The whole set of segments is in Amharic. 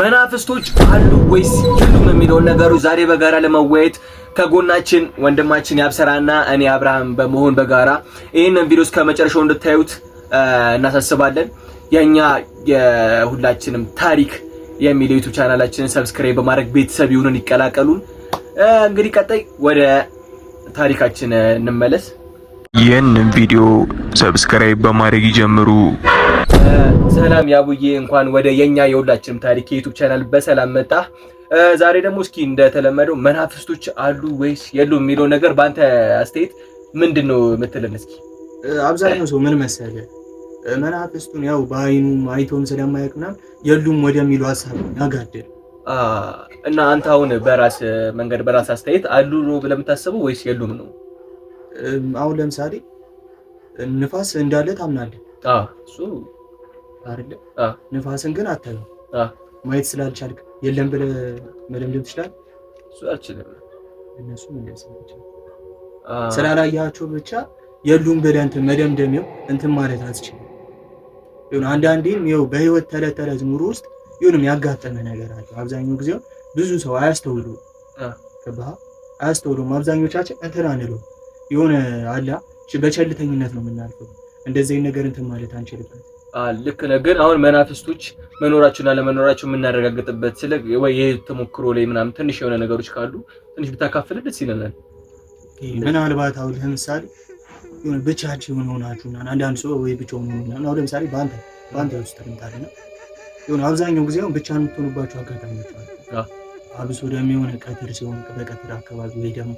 መናፍስቶች አሉ ወይስ የሉም የሚለውን ነገሮች ዛሬ በጋራ ለመወያየት ከጎናችን ወንድማችን ያብሰራና እኔ አብርሃም በመሆን በጋራ ይህንን ቪዲዮ እስከ መጨረሻው እንድታዩት እናሳስባለን። የእኛ የሁላችንም ታሪክ የሚል ዩቱብ ቻናላችንን ሰብስክራይብ በማድረግ ቤተሰብ ይሁንን፣ ይቀላቀሉን። እንግዲህ ቀጣይ ወደ ታሪካችን እንመለስ። ይህንን ቪዲዮ ሰብስክራይብ በማድረግ ይጀምሩ። ሰላም ያቡዬ፣ እንኳን ወደ የኛ የሁላችንም ታሪክ የዩቱብ ቻናል በሰላም መጣ። ዛሬ ደግሞ እስኪ እንደተለመደው መናፍስቶች አሉ ወይስ የሉ የሚለው ነገር በአንተ አስተያየት ምንድን ነው የምትልን? እስኪ አብዛኛው ሰው ምን መሰለ መናፍስቱን ያው በአይኑ አይቶም ስለማያውቅ ምናምን የሉም ወደሚሉ ሀሳብ ያጋድል እና አንተ አሁን በራስ መንገድ በራስ አስተያየት አሉ ብለህ ወይስ የሉም ነው? አሁን ለምሳሌ ንፋስ እንዳለ ታምናለህ እሱ አይደለ? ንፋስን ግን አታየው ማየት ስላልቻልክ የለም ብለህ መደምደም ትችላለህ። እሱ አልችልም። እነሱ ስላላያቸው ብቻ የሉም ብለህ እንትን መደምደሚው እንትን ማለት አትችልም። ይሁን አንዳንዴም ይኸው በህይወት ተዕለት ተዕለት ኑሮ ውስጥ ይሁንም ያጋጠመ ነገር አለ። አብዛኛው ጊዜ ብዙ ሰው አያስተውሉ ከባህ አያስተውሉም። አብዛኞቻችን እንትን አንለውም የሆነ አላ በቸልተኝነት ነው የምናልፈው። እንደዚህ ነገር እንትን ማለት አንችልም። ልክ ነህ። ግን አሁን መናፍስቶች መኖራቸውና ለመኖራቸው የምናረጋግጥበት ስለ ወይ ተሞክሮ ላይ ምናምን ትንሽ የሆነ ነገሮች ካሉ ትንሽ ብታካፍል ደስ ይለናል። ምናልባት አሁን ለምሳሌ ብቻችሁን ሆናችሁና አንዳንድ ሰው ወይ ብቻውን ሆናችሁና አሁን ለምሳሌ በአንተ በአንተ ውስጥ ተቀምጣለና የሆነ አብዛኛው ጊዜ አሁን ብቻ የምትሆኑባቸው አጋጣሚዎች አሉ። አብሶ ደግሞ የሆነ ቀትር ሲሆን በቀትር አካባቢ ወይ ደግሞ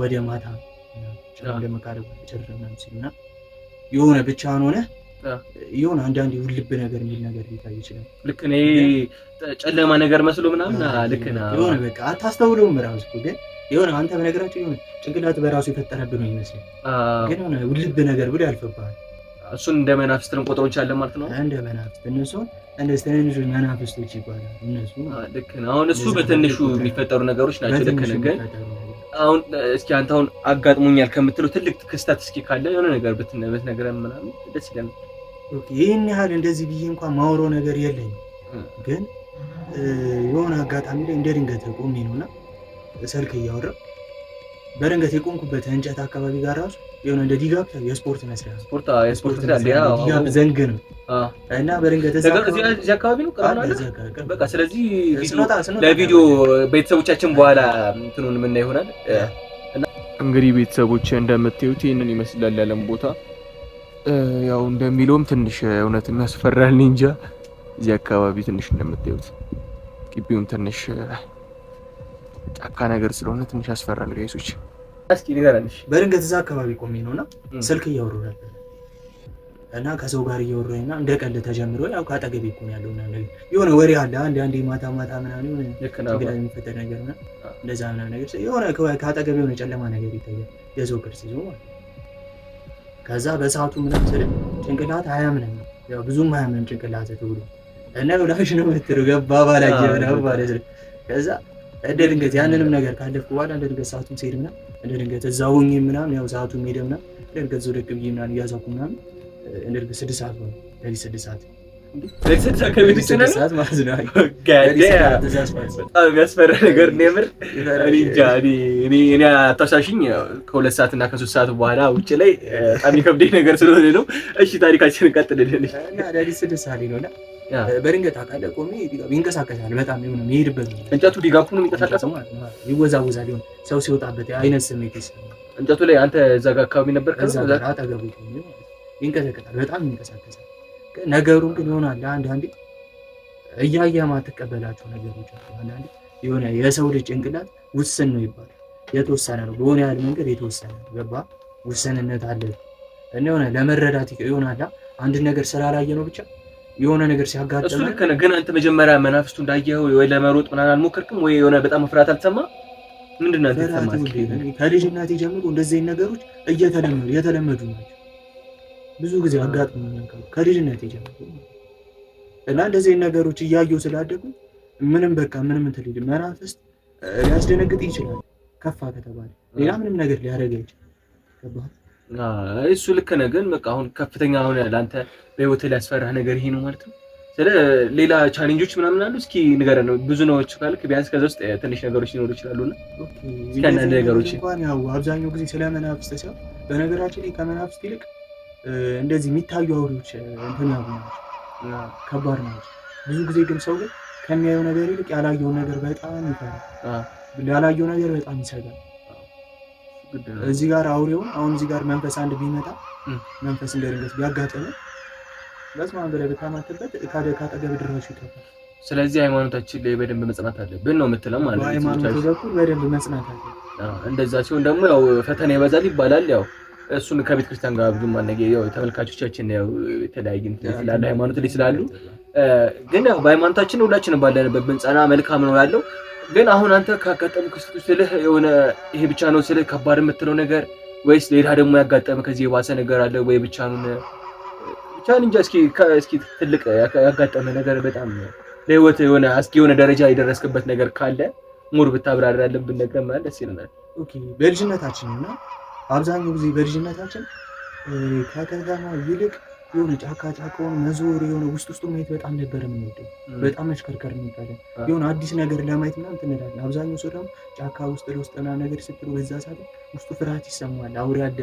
ወደ ማታ ስራ ለመቃረብ ጭርናም ሲልና የሆነ ብቻህን ሆነህ የሆነ አንዳንዴ ውልብ ነገር የሚል ነገር ሊታይ ይችላል። ልክ እኔ ጨለማ ነገር መስሎ ምናምን ልክ ነህ። የሆነ በቃ አታስተውለውም እራሱ ግን የሆነ አንተ በነገራቸው የሆነ ጭንቅላት በራሱ የፈጠረብህ ነው ግን ሆነ ውልብ ነገር ብሎ ያልፍብሃል። እሱን እንደ መናፍስት ልንቆጥረው እንችላለን ማለት ነው። እንደ መናፍስት እነሱን እንደዚህ ትንንሽ መናፍስቶች ይባላል። እነሱ ልክ አሁን እሱ በትንሹ የሚፈጠሩ ነገሮች ናቸው። ልክ ግን አሁን እስኪ አንተ አሁን አጋጥሞኛል ከምትለው ትልቅ ክስተት እስኪ ካለ የሆነ ነገር ብትነበት ነገር ምናምን ደስ ይለናል። ይህን ያህል እንደዚህ ብዬ እንኳን ማውራው ነገር የለኝም፣ ግን የሆነ አጋጣሚ ላይ እንደ ድንገት ቆሜ ነውና ስልክ እያወራ በድንገት የቆምኩበት እንጨት አካባቢ ጋር ራሱ የሆነ እንደ ዲጋብ የስፖርት መስሪያ ስፖርት ዲጋብ ዘንግ ነው እና በድንገት አካባቢ ነው። ስለዚህ ለቪዲዮ ቤተሰቦቻችን በኋላ እንትኑን ምና ይሆናል። እንግዲህ ቤተሰቦች እንደምታዩት ይህንን ይመስላል ያለም ቦታ ያው እንደሚለውም ትንሽ እውነት የሚያስፈራል። እንጃ እዚህ አካባቢ ትንሽ እንደምታዩት ግቢውም ትንሽ ጫካ ነገር ስለሆነ ትንሽ ያስፈራል ጋይሶች። እስኪ ንገረንሽ። በድንገት እዛ አካባቢ ቆሜ ነው እና ስልክ እያወሩ ነበር እና ከሰው ጋር እያወራኝ እና እንደ ቀልድ ተጀምሮ ያው ከአጠገቤ እኮ ነው ያለው ምናምን ነገር የሆነ ወሬ አለ። አንድ አንዴ ማታ ማታ ምናምን ግዳ የሚፈጠር ነገር ምናምን እንደዛ ምናምን ነገር የሆነ ከአጠገቤ የሆነ ጨለማ ነገር ይታያል፣ የሰው ቅርጽ ይዞ ማለት ከዛ በሰዓቱ ምናምን ስል ጭንቅላት አያምንም፣ ያው ብዙም አያምንም ጭንቅላት ተብሎ እና ላሽ ነው ምትሉ ገባ ባላየ ምናምን ማለት ነው ከዛ እንደ ድንገት ያንንም ነገር ካለፍኩ በኋላ እንደ ድንገት ሰዓቱም ሲሄድ ምናምን እንደ ድንገት እዛ ሆኜ ምናምን ያው ሰዓቱም ሄደ ምናምን እንደ ድንገት ዘው ደቅ ብዬ ምናምን እያዛኩ ምናምን እንደ ድንገት ስድስት ሰዓት ነው። ለሊት ስድስት ሰዓት የሚያስፈራ ነገር ምር እኔ አታሻሽኝ። ከሁለት ሰዓት እና ከሶስት ሰዓት በኋላ ውጭ ላይ በጣም የከብደኝ ነገር ስለሆነ ነው። እሺ ታሪካችን ቀጥልልን እና ስድስት ሰዓት ነው በድንገት አቃለ ቆሚ ይንቀሳቀሳል። በጣም የሆነ የሚሄድበት እንጨቱ ዲጋፉ ነው የሚንቀሳቀሰው ማለት ነው። ይወዛወዛ ሊሆን ሰው ሲወጣበት አይነት ስሜት ይሰማል። እንጨቱ ላይ አንተ እዛ ጋር አካባቢ ነበር። ከዛ ጋር አጠገቡ ይንቀሳቀሳል፣ በጣም ይንቀሳቀሳል። ነገሩን ግን ይሆናል አንዳንዴ እያየ ማትቀበላቸው ነገሮች አንዳንዴ የሆነ የሰው ልጅ ጭንቅላት ውስን ነው ይባላል። የተወሰነ ነው በሆነ ያህል መንገድ የተወሰነ ነው። ገባ ውስንነት አለ እና የሆነ ለመረዳት ይሆናል አንድ ነገር ስላላየ ነው ብቻ የሆነ ነገር ሲያጋጥም እሱ ልክ ነህ። ግን አንተ መጀመሪያ መናፍስቱ እንዳየኸው ወይ ለመሮጥ ምናምን አልሞከርክም ወይ? የሆነ በጣም መፍራት አልተሰማ ምንድን ነው ከልጅነቴ ጀምሮ እንደዚህ አይነት ነገሮች እየተለመዱ የተለመዱ ናቸው። ብዙ ጊዜ አጋጥሞ ከልጅነቴ ጀምሮ እና እንደዚህ አይነት ነገሮች እያየሁ ስላደጉ ምንም በቃ ምንም እንትን ልጅ መናፍስት ሊያስደነግጥ ይችላል። ከፋ ከተባለ ሌላ ምንም ነገር ሊያደርግ ይችላል። እሱ ልክ ነህ። ግን በቃ አሁን ከፍተኛ ሆነ ለአንተ በህይወት ሊያስፈራህ ነገር ይሄ ነው ማለት ነው። ስለ ሌላ ቻሌንጆች ምናምን አሉ። እስኪ ንገረን ነው ብዙ ነዎች ካልክ ቢያንስ ከዛ ውስጥ ትንሽ ነገሮች ሊኖሩ ይችላሉ ና እስኪ ነገሮች እንኳን ያው አብዛኛው ጊዜ ስለ መናፍስ ሲሆን በነገራችን ላይ ይልቅ እንደዚህ የሚታዩ አውሬዎች እንትን ያሉ ከባድ ነው። ብዙ ጊዜ ግን ሰው ግን ከሚያየው ነገር ይልቅ ያላየው ነገር በጣም ይፈራል። ያላየው ነገር በጣም ይሰጋል። እዚህ ጋር አውሬው አሁን እዚህ ጋር መንፈስ አንድ ቢመጣ መንፈስ እንደሌለት ቢያጋጠመ በስመ አብ በላይ ብታማትበት ካጠገብ ድረሱ ይጠፋል። ስለዚህ ሃይማኖታችን ላይ በደንብ መጽናት አለብን ነው የምትለው ማለት ነው። በሃይማኖቱ በኩል በደንብ መጽናት አለ። እንደዛ ሲሆን ደግሞ ያው ፈተና ይበዛል ይባላል። ያው እሱን ከቤተ ክርስቲያን ጋር ብዙም ማነገ ያው ተመልካቾቻችን ያው የተለያየ እንትን ስላለ ሃይማኖት ላይ ስላሉ ግን ያው በሃይማኖታችን ሁላችንም ባለንበት ብንጸና መልካም ነው ያለው ግን አሁን አንተ ካጋጠሙ ክስቶች ስልህ የሆነ ይሄ ብቻ ነው ስልህ ከባድ የምትለው ነገር ወይስ ሌላ ደግሞ ያጋጠመ ከዚህ የባሰ ነገር አለ ወይ? ብቻ ነው ብቻ እንጃ። እስኪ እስኪ ትልቅ ያጋጠመ ነገር በጣም ለህይወት የሆነ አስጊ የሆነ ደረጃ የደረስክበት ነገር ካለ ሙር ብታብራራ ያለብን ነገር ማለት ደስ ይለናል። በልጅነታችን እና አብዛኛው ጊዜ በልጅነታችን ከከተማ ይልቅ የሆነ ጫካ ጫካውን መዞር የሆነ ውስጥ ውስጡ ማየት በጣም ነበር የምንወደው። በጣም መሽከርከር የሚባለን የሆነ አዲስ ነገር ለማየት ምናምን ትንላለን። አብዛኛው ሰው ደግሞ ጫካ ውስጥ ለውስጥና ነገር ስትሉ በዛ ሰዓት ውስጡ ፍርሃት ይሰማዋል። አውሬ አለ፣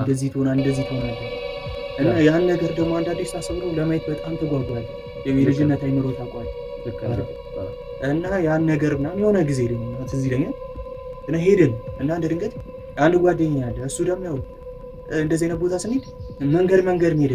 እንደዚህ ትሆና እንደዚህ ትሆናለ እና ያን ነገር ደግሞ አንዳንዴ ሳስብ ለማየት በጣም ተጓጓለ። የልጅነት አይምሮ ታቋል እና ያን ነገር ምናምን የሆነ ጊዜ ደግሞ ትዝ ይለኛል እና ሄድን እና አንድ ድንገት አንድ ጓደኛ ያለ እሱ ደግሞ ያው እንደዚህ አይነት ቦታ ስንሄድ መንገድ መንገድ ሄደ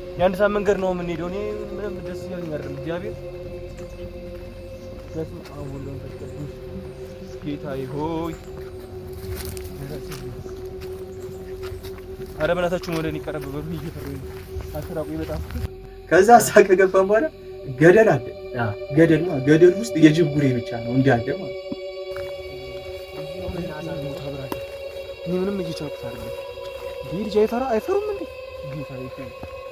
የአንድ ሰዓት መንገድ ነው የምንሄደው። እኔ ምንም ደስ እያለኝ አይደለም። እግዚአብሔር ጌታ ሆይ አረ በእናታችሁ ወደ እኔ ቀረብ በሉ። አሰራቁ ይመጣል። ከዛ ሳቅ ከገባን በኋላ ገደል አለ። ገደል ነው። ገደል ውስጥ የጅብጉሬ ብቻ ነው እንዳለ ማለት ነው። ምንም እየቻልኩት አይደለም። ይሄ ልጅ አይፈራ አይፈሩም እንዴ? ጌታ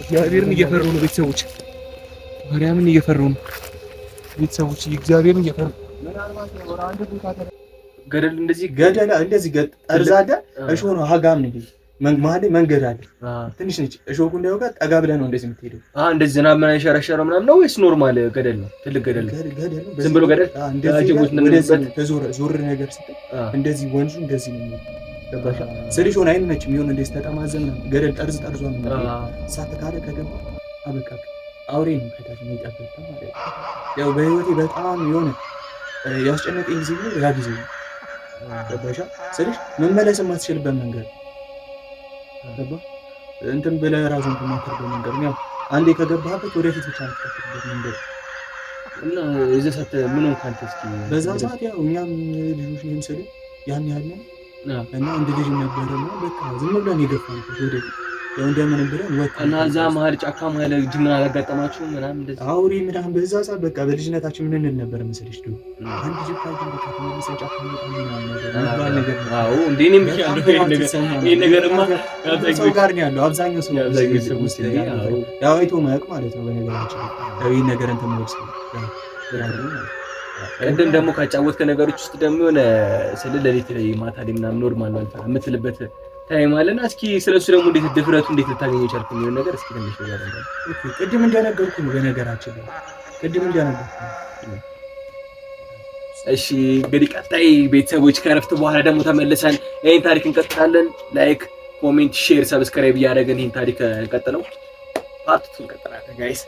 እግዚአብሔርን እየፈሩ ነው ቤተሰቦች፣ ማርያምን እየፈሩ ነው ቤተሰቦች፣ እግዚአብሔርን እየፈሩ ገደል እንደዚህ ገደል እንደዚህ ጠርዛዳ እሾ ነው ሀጋም ነው መሀል መንገድ አለ ትንሽ ነች። እሾኩ እንዳይወጋ ጠጋ ብለህ ነው እንደዚህ የምትሄደው። እንደዚህ ዝናብ ምናምን የሸረሸረው ምናምን ነው ወይስ ኖርማል ገደል ነው? ትልቅ ገደል ነው። ዝም ብሎ ገደል ዞር ነገር ስትል እንደዚህ ወንዙ እንደዚህ ነው። ገባሻ ስልሽ ሆነ አይነች የሚሆን እንደ ስተጠማዘን ገደል ጠርዝ ጠርዟ ሳት ካለ ከገባ አበቃ አውሬ ነው ከታች የሚጠበቅ ያው በህይወቴ በጣም የሆነ ያስጨነቀኝ ጊዜ ነው ያ ጊዜ ነው ገባሻ ስልሽ መመለስ የማትችልበት መንገድ ገባ እንትን ብለህ ራሱ ማትርበት መንገድ ያው አንዴ ከገባበት ወደፊት ብቻ ምትቀጥልበት መንገድ እና የዛ ምን ካንተ በዛ ሰዓት ያው እኛም ልጆች ይህም ስል ያን ያለን እና አንድ ልጅ ነበረ ነው በቃ ዝም ብለን የገፋንበት ወደ ያው ወጣ እና እዛ መሀል ጫካ መሀል ልጅ ምን አላጋጠማችሁ እንደዚህ አውሪ ምናምን በዛ ሰዓት በቃ በልጅነታችን ምን እንል ነበር መሰለሽ ዱ አንድ ልጅ ታጅ ጫካ ነገር ይሄ ነገር ይሄ ጋር ያለው አብዛኛው ሰው አብዛኛው ሰው ውስጥ ያው አይቶ ማለት ነው በነገራችን ያው ይሄ ነገር ነው እንደም ደግሞ ካጫወትከ ነገሮች ውስጥ ደግሞ የሆነ ስለ ሌሊት ላይ ማታ ላይ ምናምን ኖርማል ማለት ነው የምትልበት ታይም አለና እስኪ ስለሱ ደግሞ እንዴት ድፍረቱ እንዴት ልታገኘው ቻልክ የሚሆን ነገር እስኪ ትንሽ ነገር አለ። ኦኬ ቅድም እንደነገርኩ ነው በነገራችን ላይ ቅድም እንደነገርኩ እሺ እንግዲህ ቀጣይ ቤተሰቦች ከረፍት በኋላ ደግሞ ተመልሰን ይሄን ታሪክ እንቀጥላለን። ላይክ፣ ኮሜንት፣ ሼር፣ ሰብስክራይብ እያደረግን ይሄን ታሪክ እንቀጥለው። ፓርት 2 እንቀጥላለን ጋይስ።